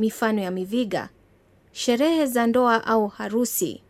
mifano ya miviga, sherehe za ndoa au harusi.